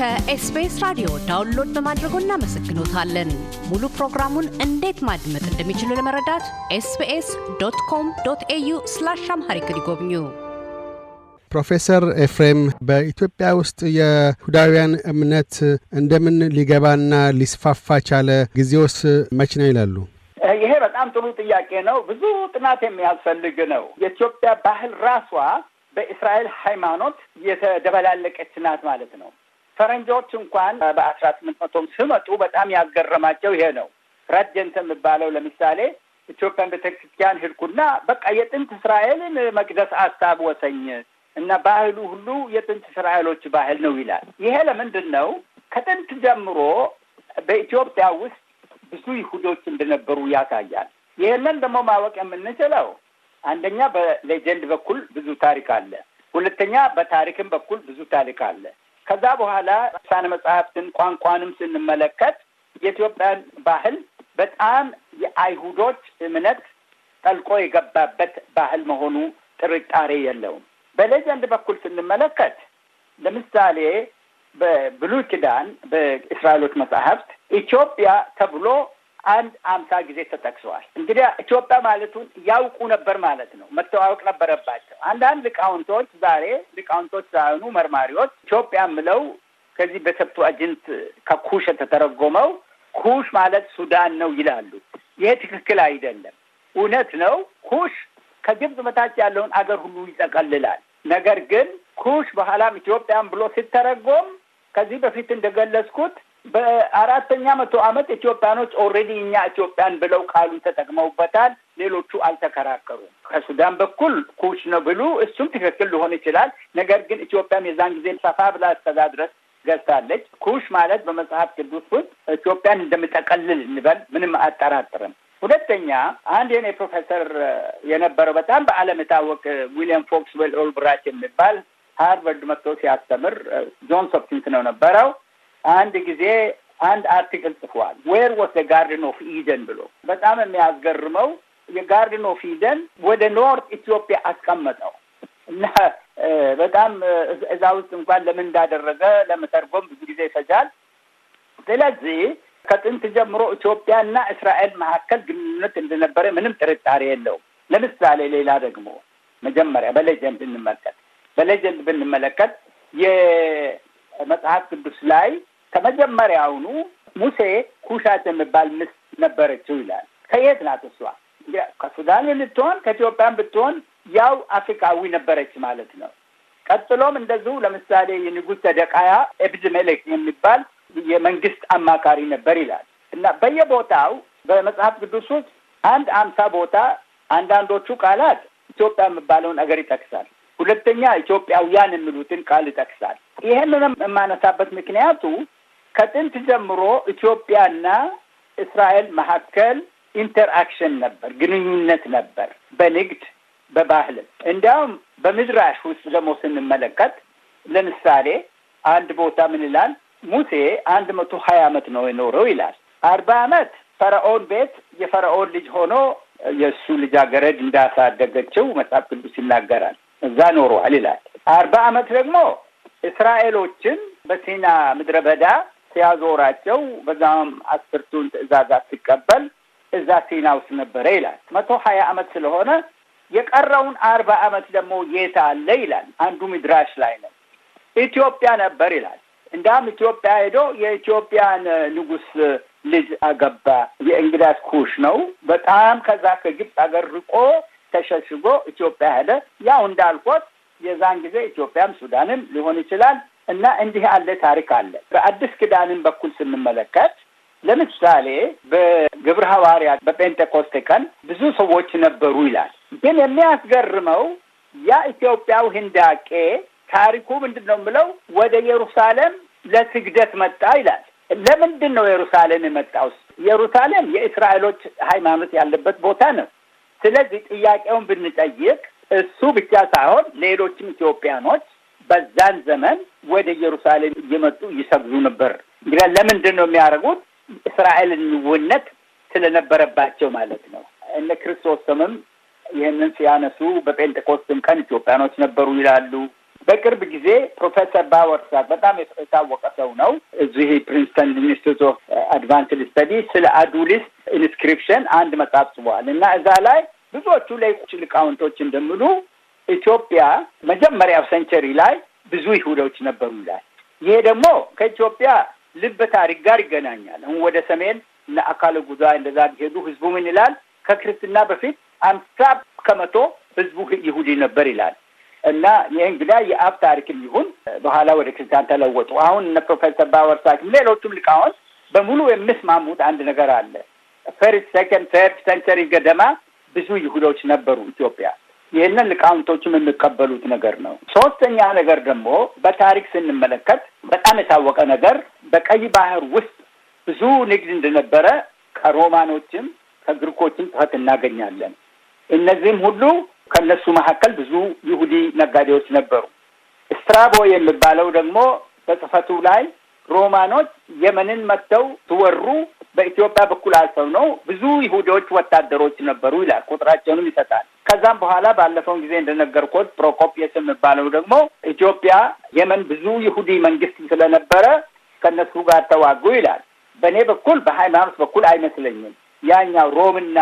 ከኤስቢኤስ ራዲዮ ዳውንሎድ በማድረጎ እናመሰግኖታለን። ሙሉ ፕሮግራሙን እንዴት ማድመጥ እንደሚችሉ ለመረዳት ኤስቢኤስ ዶት ኮም ዶት ኤዩ ስላሽ አምሃሪክ ይጎብኙ። ፕሮፌሰር ኤፍሬም በኢትዮጵያ ውስጥ የሁዳውያን እምነት እንደምን ሊገባና ሊስፋፋ ቻለ? ጊዜውስ መች ነው ይላሉ። ይሄ በጣም ጥሩ ጥያቄ ነው። ብዙ ጥናት የሚያስፈልግ ነው። የኢትዮጵያ ባህል ራሷ በእስራኤል ሃይማኖት የተደበላለቀች ናት ማለት ነው። ፈረንጆች እንኳን በአስራ ስምንት መቶም ስመጡ በጣም ያገረማቸው ይሄ ነው። ረጀንት የሚባለው ለምሳሌ ኢትዮጵያን ቤተክርስቲያን ሄድኩና በቃ የጥንት እስራኤልን መቅደስ አስታወሰኝ እና ባህሉ ሁሉ የጥንት እስራኤሎች ባህል ነው ይላል። ይሄ ለምንድን ነው? ከጥንት ጀምሮ በኢትዮጵያ ውስጥ ብዙ ይሁዶች እንደነበሩ ያሳያል። ይህንን ደግሞ ማወቅ የምንችለው አንደኛ በሌጀንድ በኩል ብዙ ታሪክ አለ፣ ሁለተኛ በታሪክም በኩል ብዙ ታሪክ አለ። ከዛ በኋላ ሳነ መጽሐፍትን ቋንቋንም ስንመለከት የኢትዮጵያን ባህል በጣም የአይሁዶች እምነት ጠልቆ የገባበት ባህል መሆኑ ጥርጣሬ የለውም። በሌጀንድ በኩል ስንመለከት ለምሳሌ በብሉይ ኪዳን በእስራኤሎች መጽሐፍት ኢትዮጵያ ተብሎ አንድ አምሳ ጊዜ ተጠቅሰዋል። እንግዲህ ኢትዮጵያ ማለቱን ያውቁ ነበር ማለት ነው። መተዋወቅ ነበረባቸው። አንዳንድ ሊቃውንቶች ዛሬ ሊቃውንቶች ሳይሆኑ መርማሪዎች ኢትዮጵያ ምለው ከዚህ አጅንት ከኩሽ የተተረጎመው ኩሽ ማለት ሱዳን ነው ይላሉ። ይሄ ትክክል አይደለም። እውነት ነው። ኩሽ ከግብፅ በታች ያለውን አገር ሁሉ ይጠቀልላል። ነገር ግን ኩሽ በኋላም ኢትዮጵያን ብሎ ሲተረጎም ከዚህ በፊት እንደገለጽኩት በአራተኛ መቶ ዓመት ኢትዮጵያኖች ኦልሬዲ እኛ ኢትዮጵያን ብለው ቃሉን ተጠቅመውበታል። ሌሎቹ አልተከራከሩም። ከሱዳን በኩል ኩች ነው ብሉ፣ እሱም ትክክል ሊሆን ይችላል። ነገር ግን ኢትዮጵያም የዛን ጊዜ ሰፋ ብላ ድረስ ገዝታለች። ኩሽ ማለት በመጽሐፍ ቅዱስ ውስጥ ኢትዮጵያን እንደምጠቀልል እንበል ምንም አጠራጥርም። ሁለተኛ አንድ የኔ ፕሮፌሰር የነበረው በጣም በዓለም የታወቅ ዊሊያም ፎክስዌል ኦልብራች የሚባል ሃርቨርድ መጥቶ ሲያስተምር ጆንስ ሆፕኪንስ ነው ነበረው አንድ ጊዜ አንድ አርቲክል ጽፏል። ዌር ወስ የጋርድን ኦፍ ኢደን ብሎ በጣም የሚያስገርመው የጋርደን ኦፍ ኢደን ወደ ኖርት ኢትዮጵያ አስቀመጠው እና በጣም እዛ ውስጥ እንኳን ለምን እንዳደረገ ለመተርጎም ብዙ ጊዜ ይፈጃል። ስለዚህ ከጥንት ጀምሮ ኢትዮጵያና እስራኤል መካከል ግንኙነት እንደነበረ ምንም ጥርጣሬ የለውም። ለምሳሌ ሌላ ደግሞ መጀመሪያ በሌጀንድ እንመልከት በሌጀንድ ብንመለከት መጽሐፍ ቅዱስ ላይ ከመጀመሪያውኑ ሙሴ ኩሻት የሚባል ምስት ነበረችው ይላል። ከየት ናት እሷ? ከሱዳን ብትሆን ከኢትዮጵያን ብትሆን ያው አፍሪካዊ ነበረች ማለት ነው። ቀጥሎም እንደዚሁ ለምሳሌ የንጉሥ ተደቃያ ኤብድ መልክ የሚባል የመንግስት አማካሪ ነበር ይላል እና በየቦታው በመጽሐፍ ቅዱስ ውስጥ አንድ አምሳ ቦታ አንዳንዶቹ ቃላት ኢትዮጵያ የሚባለውን አገር ይጠቅሳል። ሁለተኛ ኢትዮጵያውያን የሚሉትን ቃል ይጠቅሳል። ይህንንም የማነሳበት ምክንያቱ ከጥንት ጀምሮ ኢትዮጵያና እስራኤል መካከል ኢንተርአክሽን ነበር፣ ግንኙነት ነበር፣ በንግድ በባህልም። እንዲያውም በምድራሽ ውስጥ ደግሞ ስንመለከት ለምሳሌ አንድ ቦታ ምን ይላል? ሙሴ አንድ መቶ ሀያ አመት ነው የኖረው ይላል። አርባ አመት ፈርዖን ቤት የፈርዖን ልጅ ሆኖ የእሱ ልጃገረድ እንዳሳደገችው መጽሐፍ ቅዱስ ይናገራል። እዛ ኖሯል ይላል። አርባ ዓመት ደግሞ እስራኤሎችን በሲና ምድረ በዳ ሲያዞራቸው በዛም አስርቱን ትእዛዛት ሲቀበል እዛ ሲና ውስጥ ነበረ ይላል። መቶ ሀያ ዓመት ስለሆነ የቀረውን አርባ ዓመት ደግሞ የት አለ ይላል። አንዱ ሚድራሽ ላይ ነው ኢትዮጵያ ነበር ይላል። እንዳም ኢትዮጵያ ሄዶ የኢትዮጵያን ንጉሥ ልጅ አገባ። የእንግዳስ ኩሽ ነው። በጣም ከዛ ከግብፅ አገር ርቆ ተሸሽጎ ኢትዮጵያ ሄደ። ያው እንዳልኮት የዛን ጊዜ ኢትዮጵያም ሱዳንም ሊሆን ይችላል እና እንዲህ ያለ ታሪክ አለ። በአዲስ ኪዳንን በኩል ስንመለከት ለምሳሌ በግብረ ሐዋርያት በጴንጤኮስቴ ቀን ብዙ ሰዎች ነበሩ ይላል። ግን የሚያስገርመው ያ ኢትዮጵያው ህንዳቄ ታሪኩ ምንድን ነው ብለው ወደ ኢየሩሳሌም ለስግደት መጣ ይላል። ለምንድን ነው ኢየሩሳሌም የመጣው? ኢየሩሳሌም የእስራኤሎች ሃይማኖት ያለበት ቦታ ነው። ስለዚህ ጥያቄውን ብንጠይቅ እሱ ብቻ ሳይሆን ሌሎችም ኢትዮጵያኖች በዛን ዘመን ወደ ኢየሩሳሌም እየመጡ ይሰግዙ ነበር። እንግዲህ ለምንድን ነው የሚያደርጉት? እስራኤልን ውነት ስለነበረባቸው ማለት ነው። እነ ክርስቶስ ስምም ይህንን ሲያነሱ በጴንጤቆስትም ቀን ኢትዮጵያኖች ነበሩ ይላሉ። በቅርብ ጊዜ ፕሮፌሰር ባወርሳት በጣም የታወቀ ሰው ነው። እዚህ ፕሪንስተን ኢንስቲትዩት ኦፍ አድቫንስድ ስተዲ ስለ አዱሊስ ኢንስክሪፕሽን አንድ መጽሐፍ ጽፏል እና እዛ ላይ ብዙዎቹ ላይቁ ሊቃውንቶች እንደምሉ ኢትዮጵያ መጀመሪያው ሴንቸሪ ላይ ብዙ ይሁዶች ነበሩ ይላል። ይሄ ደግሞ ከኢትዮጵያ ልብ ታሪክ ጋር ይገናኛል። አሁን ወደ ሰሜን እና አካለ ጉዛ እንደዛ ሄዱ ህዝቡ ምን ይላል? ከክርስትና በፊት አምሳ ከመቶ ህዝቡ ይሁዲ ነበር ይላል እና ይህ እንግዲያ የአብ ታሪክም ይሁን በኋላ ወደ ክርስቲያን ተለወጡ። አሁን እነ ፕሮፌሰር ባወርሳኪም ሌሎቹም ሊቃውንት በሙሉ የምስማሙት አንድ ነገር አለ። ፈርስት ሰከንድ ተርድ ሰንቸሪ ገደማ ብዙ ይሁዶች ነበሩ ኢትዮጵያ። ይህንን ሊቃውንቶችም የሚቀበሉት ነገር ነው። ሶስተኛ ነገር ደግሞ በታሪክ ስንመለከት በጣም የታወቀ ነገር በቀይ ባህር ውስጥ ብዙ ንግድ እንደነበረ ከሮማኖችም ከግሪኮችም ጽሕፈት እናገኛለን። እነዚህም ሁሉ ከነሱ መካከል ብዙ ይሁዲ ነጋዴዎች ነበሩ። ስትራቦ የሚባለው ደግሞ በጽፈቱ ላይ ሮማኖች የመንን መጥተው ትወሩ በኢትዮጵያ በኩል አልፈው ነው ብዙ ይሁዲዎች ወታደሮች ነበሩ ይላል። ቁጥራቸውንም ይሰጣል። ከዛም በኋላ ባለፈውን ጊዜ እንደነገርኩት ፕሮኮፒየስ የሚባለው ደግሞ ኢትዮጵያ የመን ብዙ ይሁዲ መንግስት ስለነበረ ከእነሱ ጋር ተዋጉ ይላል። በእኔ በኩል በሃይማኖት በኩል አይመስለኝም። ያኛው ሮምና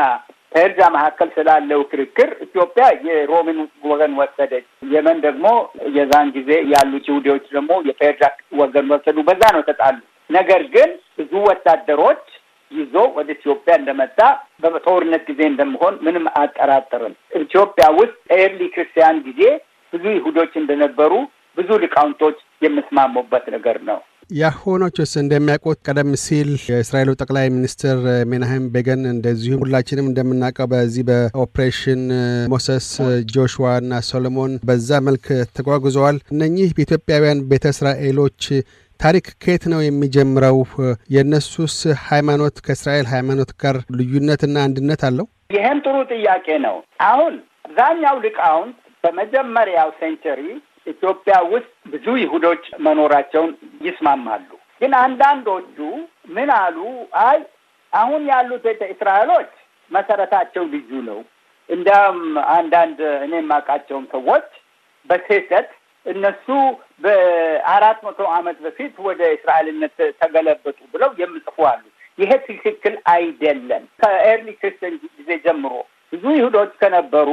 ከኤርትራ መካከል ስላለው ክርክር ኢትዮጵያ የሮምን ወገን ወሰደች፣ የመን ደግሞ የዛን ጊዜ ያሉት ይሁዲዎች ደግሞ የኤርትራ ወገን ወሰዱ። በዛ ነው ተጣሉ። ነገር ግን ብዙ ወታደሮች ይዞ ወደ ኢትዮጵያ እንደመጣ በጦርነት ጊዜ እንደምሆን ምንም አጠራጠርም። ኢትዮጵያ ውስጥ ኤርሊ ክርስቲያን ጊዜ ብዙ ይሁዶች እንደነበሩ ብዙ ሊቃውንቶች የምስማሙበት ነገር ነው። ያሆኖችስ እንደሚያውቁት ቀደም ሲል የእስራኤሉ ጠቅላይ ሚኒስትር ሜናሃም ቤገን እንደዚሁም ሁላችንም እንደምናውቀው በዚህ በኦፕሬሽን ሞሰስ ጆሹዋ እና ሶሎሞን በዛ መልክ ተጓጉዘዋል። እነኚህ በኢትዮጵያውያን ቤተ እስራኤሎች ታሪክ ከየት ነው የሚጀምረው? የእነሱስ ሃይማኖት ከእስራኤል ሃይማኖት ጋር ልዩነትና አንድነት አለው? ይህም ጥሩ ጥያቄ ነው። አሁን አብዛኛው ሊቃውንት በመጀመሪያው ሴንቸሪ ኢትዮጵያ ውስጥ ብዙ ይሁዶች መኖራቸውን ይስማማሉ። ግን አንዳንዶቹ ምን አሉ? አይ አሁን ያሉት እስራኤሎች መሰረታቸው ልዩ ነው። እንዲያውም አንዳንድ እኔ የማውቃቸውን ሰዎች በስህተት እነሱ በአራት መቶ ዓመት በፊት ወደ እስራኤልነት ተገለበጡ ብለው የምጽፉ አሉ። ይሄ ትክክል አይደለም። ከኤርሊ ክርስቲያን ጊዜ ጀምሮ ብዙ ይሁዶች ከነበሩ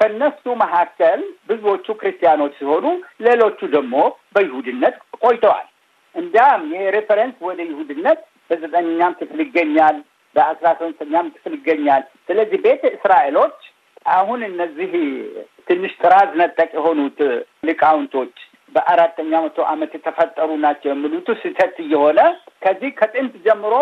ከነሱ መካከል ብዙዎቹ ክርስቲያኖች ሲሆኑ፣ ሌሎቹ ደግሞ በይሁድነት ቆይተዋል። እንዲያም ይሄ ሬፈረንስ ወደ ይሁድነት በዘጠነኛም ክፍል ይገኛል፣ በአስራ ሶስተኛም ክፍል ይገኛል። ስለዚህ ቤተ እስራኤሎች አሁን እነዚህ ትንሽ ጥራዝ ነጠቅ የሆኑት ሊቃውንቶች በአራተኛ መቶ ዓመት የተፈጠሩ ናቸው የሚሉት ስህተት እየሆነ ከዚህ ከጥንት ጀምሮ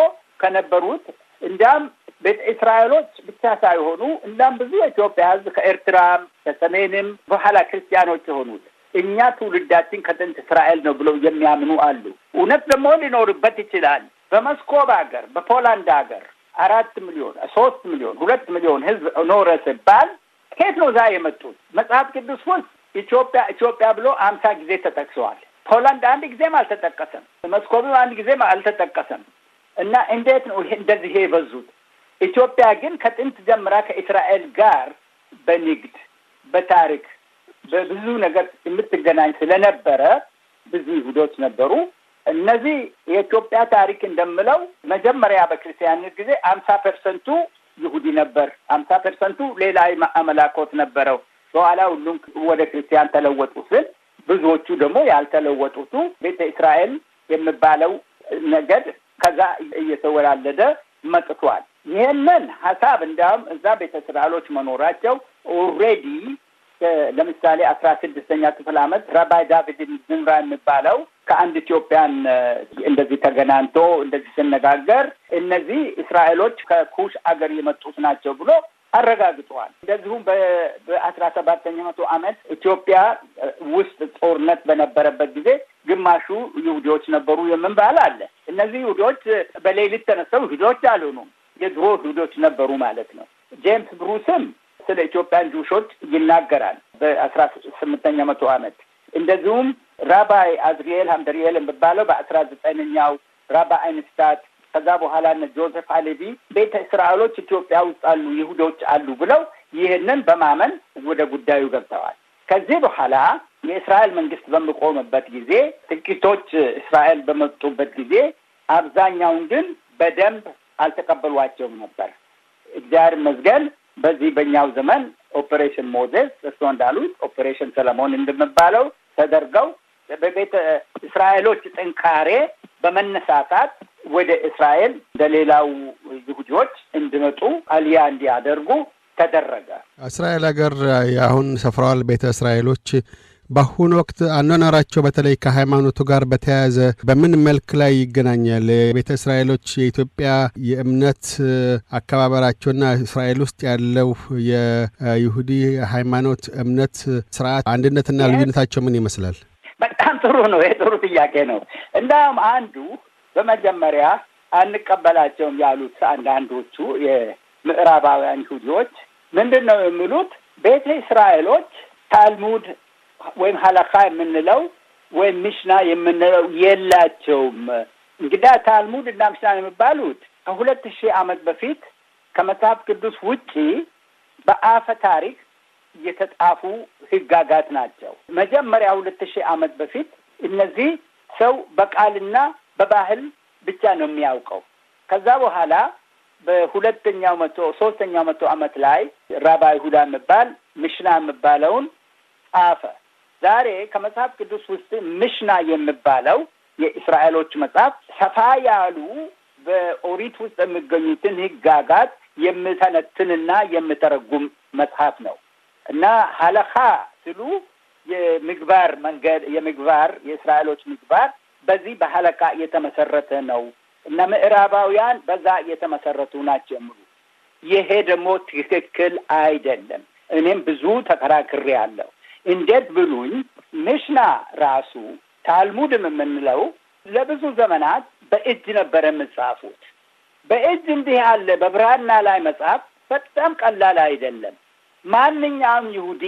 ከነበሩት እንዲያም ቤተ እስራኤሎች ብቻ ሳይሆኑ እናም ብዙ የኢትዮጵያ ሕዝብ ከኤርትራም ከሰሜንም በኋላ ክርስቲያኖች የሆኑት እኛ ትውልዳችን ከጥንት እስራኤል ነው ብለው የሚያምኑ አሉ። እውነት ደግሞ ሊኖርበት ይችላል። በመስኮብ ሀገር፣ በፖላንድ ሀገር አራት ሚሊዮን ሶስት ሚሊዮን ሁለት ሚሊዮን ህዝብ ኖረ ሲባል ከየት ነው ዛ የመጡት? መጽሐፍ ቅዱስ ውስጥ ኢትዮጵያ ኢትዮጵያ ብሎ አምሳ ጊዜ ተጠቅሰዋል። ፖላንድ አንድ ጊዜም አልተጠቀሰም። መስኮቢው አንድ ጊዜም አልተጠቀሰም። እና እንዴት ነው እንደዚህ የበዙት? ኢትዮጵያ ግን ከጥንት ጀምራ ከእስራኤል ጋር በንግድ በታሪክ በብዙ ነገር የምትገናኝ ስለነበረ ብዙ ይሁዶች ነበሩ። እነዚህ የኢትዮጵያ ታሪክ እንደምለው መጀመሪያ በክርስቲያንነት ጊዜ አምሳ ፐርሰንቱ ይሁዲ ነበር፣ አምሳ ፐርሰንቱ ሌላ አመላኮት ነበረው። በኋላ ሁሉም ወደ ክርስቲያን ተለወጡ ስል ብዙዎቹ ደግሞ ያልተለወጡቱ ቤተ እስራኤል የሚባለው ነገድ ከዛ እየተወላለደ መጥቷል። ይህንን ሀሳብ እንዲያውም እዛ ቤተ እስራኤሎች መኖራቸው ኦልሬዲ ለምሳሌ አስራ ስድስተኛ ክፍል ዓመት ረባይ ዳቪድ ዝምራ የሚባለው ከአንድ ኢትዮጵያን እንደዚህ ተገናኝቶ እንደዚህ ስነጋገር እነዚህ እስራኤሎች ከኩሽ አገር የመጡት ናቸው ብሎ አረጋግጠዋል። እንደዚሁም በአስራ ሰባተኛ መቶ ዓመት ኢትዮጵያ ውስጥ ጦርነት በነበረበት ጊዜ ግማሹ ይሁዲዎች ነበሩ የምንባል አለ። እነዚህ ይሁዲዎች በሌሊት ተነስተው ይሁዲዎች አልሆኑም፣ የድሮ ይሁዲዎች ነበሩ ማለት ነው። ጄምስ ብሩስም ስለ ኢትዮጵያን ጁሾች ይናገራል በአስራ ስምንተኛ መቶ ዓመት እንደዚሁም ራባይ አዝሪኤል ሀምደሪኤል የሚባለው በአስራ ዘጠነኛው ራባ አይንስታት ከዛ በኋላ እነ ጆዘፍ አሌቪ ቤተ እስራኤሎች ኢትዮጵያ ውስጥ አሉ፣ ይሁዶች አሉ ብለው ይህንን በማመን ወደ ጉዳዩ ገብተዋል። ከዚህ በኋላ የእስራኤል መንግስት በሚቆምበት ጊዜ ጥቂቶች እስራኤል በመጡበት ጊዜ አብዛኛውን ግን በደንብ አልተቀበሏቸውም ነበር። እግዚአብሔር መዝገን በዚህ በእኛው ዘመን ኦፕሬሽን ሞዘስ እሱ እንዳሉት ኦፕሬሽን ሰለሞን እንደምባለው ተደርገው በቤተ እስራኤሎች ጥንካሬ በመነሳሳት ወደ እስራኤል እንደ ሌላው ይሁዲዎች እንዲመጡ አልያ እንዲያደርጉ ተደረገ። እስራኤል ሀገር አሁን ሰፍረዋል ቤተ እስራኤሎች በአሁኑ ወቅት አኗኗራቸው በተለይ ከሃይማኖቱ ጋር በተያያዘ በምን መልክ ላይ ይገናኛል? የቤተ እስራኤሎች የኢትዮጵያ የእምነት አከባበራቸውና እስራኤል ውስጥ ያለው የይሁዲ ሃይማኖት እምነት ስርዓት አንድነትና ልዩነታቸው ምን ይመስላል? በጣም ጥሩ ነው። የጥሩ ጥያቄ ነው። እንዳውም አንዱ በመጀመሪያ አንቀበላቸውም ያሉት አንዳንዶቹ የምዕራባውያን ይሁዲዎች ምንድን ነው የሚሉት ቤተ እስራኤሎች ታልሙድ ወይም ሀለካ የምንለው ወይም ሚሽና የምንለው የላቸውም። እንግዳ ታልሙድ እና ምሽና የሚባሉት ከሁለት ሺህ ዓመት በፊት ከመጽሐፍ ቅዱስ ውጪ በአፈ ታሪክ የተጻፉ ህጋጋት ናቸው። መጀመሪያ ሁለት ሺህ ዓመት በፊት እነዚህ ሰው በቃልና በባህል ብቻ ነው የሚያውቀው። ከዛ በኋላ በሁለተኛው መቶ ሶስተኛው መቶ ዓመት ላይ ራባ ይሁዳ የሚባል ሚሽና የሚባለውን ጻፈ። ዛሬ ከመጽሐፍ ቅዱስ ውስጥ ምሽና የሚባለው የእስራኤሎች መጽሐፍ ሰፋ ያሉ በኦሪት ውስጥ የሚገኙትን ህጋጋት የምተነትንና የምተረጉም መጽሐፍ ነው እና ሀለካ ስሉ የምግባር መንገድ የምግባር የእስራኤሎች ምግባር በዚህ በሀለካ የተመሰረተ ነው እና ምዕራባውያን በዛ የተመሰረቱ ናቸው የሚሉ ይሄ ደግሞ ትክክል አይደለም። እኔም ብዙ ተከራክሬ አለሁ። እንዴት ብሉኝ ምሽና ራሱ ታልሙድም የምንለው ለብዙ ዘመናት በእጅ ነበር የምጻፉት። በእጅ እንዲህ ያለ በብራና ላይ መጻፍ በጣም ቀላል አይደለም። ማንኛውም ይሁዲ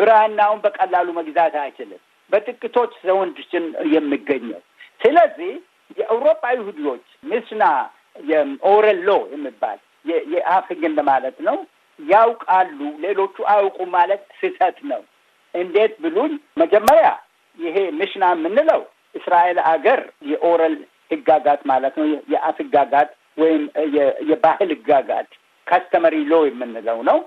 ብራናውን በቀላሉ መግዛት አይችልም። በጥቂቶች ዘወንድችን የሚገኘው። ስለዚህ የአውሮፓ ይሁዲዎች ሚሽና የኦረሎ ሎ የሚባል የአፍግን ማለት ነው ያውቃሉ፣ ሌሎቹ አያውቁ ማለት ስህተት ነው። እንዴት ብሉኝ፣ መጀመሪያ ይሄ ምሽና የምንለው እስራኤል አገር የኦረል ህጋጋት ማለት ነው። የአፍ ህጋጋት ወይም የባህል ህጋጋት ካስተመሪ ሎ የምንለው ነው።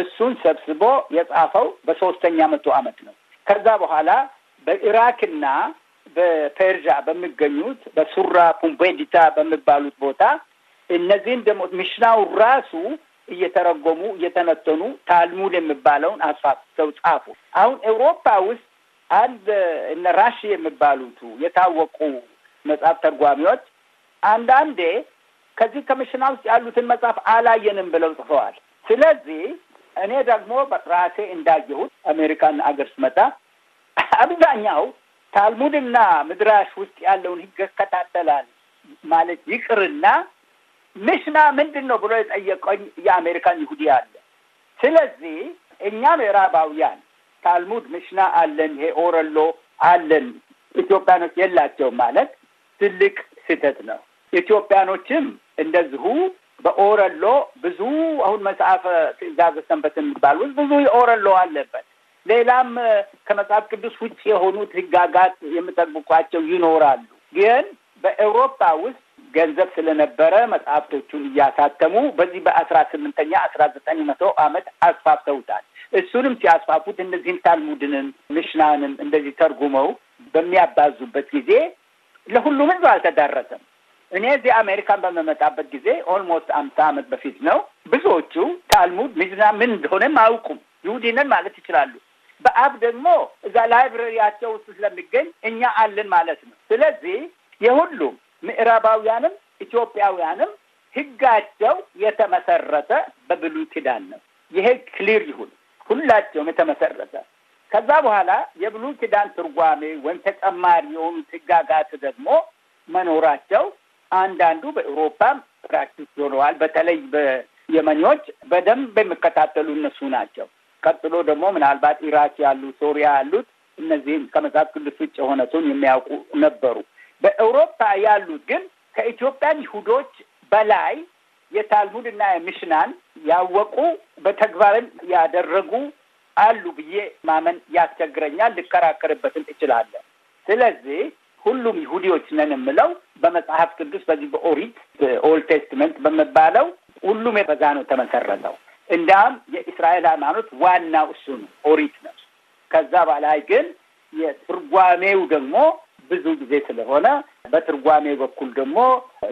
እሱን ሰብስቦ የጻፈው በሶስተኛ መቶ ዓመት ነው። ከዛ በኋላ በኢራክና በፐርዣ በሚገኙት በሱራ ፑምቤዲታ በሚባሉት ቦታ እነዚህን ደግሞ ሚሽናው ራሱ እየተረጎሙ እየተነተኑ ታልሙድ የሚባለውን አስፋፍተው ጻፉ። አሁን ኤውሮፓ ውስጥ አንድ እነ ራሽ የሚባሉቱ የታወቁ መጽሐፍ ተርጓሚዎች አንዳንዴ ከዚህ ከምሽና ውስጥ ያሉትን መጽሐፍ አላየንም ብለው ጽፈዋል። ስለዚህ እኔ ደግሞ ራሴ እንዳየሁት አሜሪካን አገር ስመጣ አብዛኛው ታልሙድና ምድራሽ ውስጥ ያለውን ሕግ ይከታተላል ማለት ይቅርና ምስማ ምንድን ነው ብሎ የጠየቀኝ የአሜሪካን ይሁዲ አለ። ስለዚህ እኛ ምዕራባውያን ታልሙድ ምሽና አለን፣ ይሄ ኦረሎ አለን፣ ኢትዮጵያኖች የላቸውም ማለት ትልቅ ስህተት ነው። ኢትዮጵያኖችም እንደዚሁ በኦረሎ ብዙ አሁን መጽሐፈ ትእዛዘ ሰንበት የሚባል ብዙ የኦረሎ አለበት። ሌላም ከመጽሐፍ ቅዱስ ውጭ የሆኑት ህጋጋት የምጠብቋቸው ይኖራሉ። ግን በኤውሮፓ ውስጥ ገንዘብ ስለነበረ መጽሐፍቶቹን እያሳተሙ በዚህ በአስራ ስምንተኛ አስራ ዘጠኝ መቶ አመት አስፋፍተውታል። እሱንም ሲያስፋፉት እነዚህን ታልሙድንም ምሽናንም እንደዚህ ተርጉመው በሚያባዙበት ጊዜ ለሁሉም ሕዝብ አልተዳረሰም። እኔ እዚህ አሜሪካን በመመጣበት ጊዜ ኦልሞስት አምሳ ዓመት በፊት ነው። ብዙዎቹ ታልሙድ ሚዝና ምን እንደሆነም አያውቁም። ይሁዲነን ማለት ይችላሉ። በአብ ደግሞ እዛ ላይብረሪያቸው ውስጥ ስለሚገኝ እኛ አለን ማለት ነው። ስለዚህ የሁሉም ምዕራባውያንም ኢትዮጵያውያንም ህጋቸው የተመሰረተ በብሉ ኪዳን ነው። ይሄ ክሊር ይሁን፣ ሁላቸውም የተመሰረተ ከዛ በኋላ የብሉ ኪዳን ትርጓሜ ወይም ተጨማሪ የሆኑት ህጋጋት ደግሞ መኖራቸው አንዳንዱ በኤውሮፓም ፕራክቲስ ሆነዋል። በተለይ የመኞች በደንብ የሚከታተሉ እነሱ ናቸው። ቀጥሎ ደግሞ ምናልባት ኢራክ ያሉ፣ ሶሪያ ያሉት እነዚህም ከመጽሐፍ ቅዱስ ውጭ የሆነቱን የሚያውቁ ነበሩ። በአውሮፓ ያሉት ግን ከኢትዮጵያ ይሁዶች በላይ የታልሙድና ሚሽናን ያወቁ በተግባርን ያደረጉ አሉ ብዬ ማመን ያስቸግረኛል። ልከራከርበትም እችላለሁ። ስለዚህ ሁሉም ይሁዲዎች ነን የምለው በመጽሐፍ ቅዱስ በዚህ በኦሪት ኦልድ ቴስትመንት በሚባለው ሁሉም በዛ ነው ተመሰረተው። እንዲያውም የእስራኤል ሃይማኖት ዋናው እሱ ነው፣ ኦሪት ነው። ከዛ በላይ ግን የትርጓሜው ደግሞ ብዙ ጊዜ ስለሆነ በትርጓሜ በኩል ደግሞ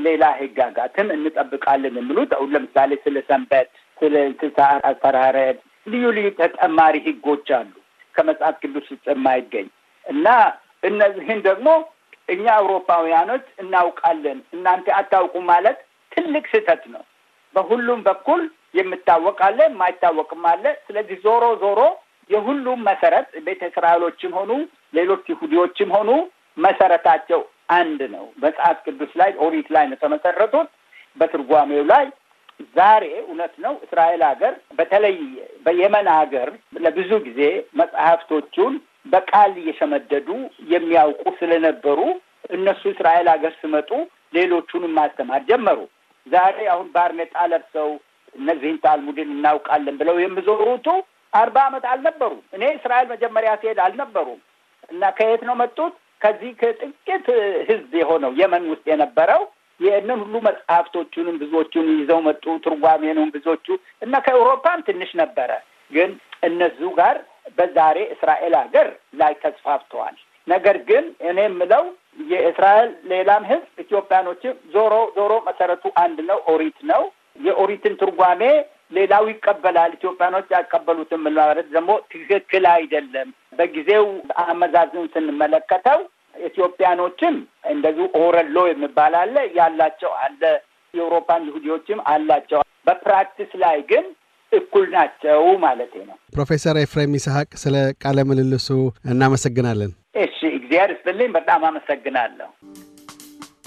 ሌላ ህጋጋትን እንጠብቃለን የሚሉት አሁን ለምሳሌ ስለ ሰንበት፣ ስለ እንስሳ አፈራረድ ልዩ ልዩ ተጨማሪ ህጎች አሉ ከመጽሐፍ ቅዱስ ውስጥ የማይገኝ እና እነዚህን ደግሞ እኛ አውሮፓውያኖች እናውቃለን እናንተ አታውቁ ማለት ትልቅ ስህተት ነው። በሁሉም በኩል የምታወቅ አለ፣ የማይታወቅም አለ። ስለዚህ ዞሮ ዞሮ የሁሉም መሰረት ቤተ እስራኤሎችም ሆኑ ሌሎች ይሁዲዎችም ሆኑ መሰረታቸው አንድ ነው። መጽሐፍ ቅዱስ ላይ ኦሪት ላይ ነው የተመሰረቱት። በትርጓሜው ላይ ዛሬ እውነት ነው እስራኤል ሀገር በተለይ በየመን ሀገር ለብዙ ጊዜ መጽሐፍቶቹን በቃል እየሸመደዱ የሚያውቁ ስለነበሩ እነሱ እስራኤል ሀገር ሲመጡ ሌሎቹንም ማስተማር ጀመሩ። ዛሬ አሁን ባርኔጣ ለብሰው እነዚህን ታልሙድን እናውቃለን ብለው የሚዞሩቱ አርባ ዓመት አልነበሩም። እኔ እስራኤል መጀመሪያ ሲሄድ አልነበሩም እና ከየት ነው መጡት? ከዚህ ከጥቂት ህዝብ የሆነው የመን ውስጥ የነበረው ይህንን ሁሉ መጽሐፍቶቹንም ብዙዎቹን ይዘው መጡ። ትርጓሜኑን ብዙዎቹ እና ከአውሮፓም ትንሽ ነበረ፣ ግን እነዙ ጋር በዛሬ እስራኤል ሀገር ላይ ተስፋፍተዋል። ነገር ግን እኔ የምለው የእስራኤል ሌላም ህዝብ ኢትዮጵያኖችም ዞሮ ዞሮ መሰረቱ አንድ ነው፣ ኦሪት ነው። የኦሪትን ትርጓሜ ሌላው ይቀበላል፣ ኢትዮጵያኖች አይቀበሉትም ማለት ደግሞ ትክክል አይደለም። በጊዜው አመዛዝን ስንመለከተው ኢትዮጵያኖችም እንደዚሁ ኦረሎ የሚባል አለ ያላቸው አለ። የአውሮፓን ይሁዲዎችም አላቸው። በፕራክቲስ ላይ ግን እኩል ናቸው ማለት ነው። ፕሮፌሰር ኤፍሬም ይስሐቅ ስለ ቃለ ምልልሱ እናመሰግናለን። እሺ፣ እግዚአብሔር ይስጥልኝ። በጣም አመሰግናለሁ።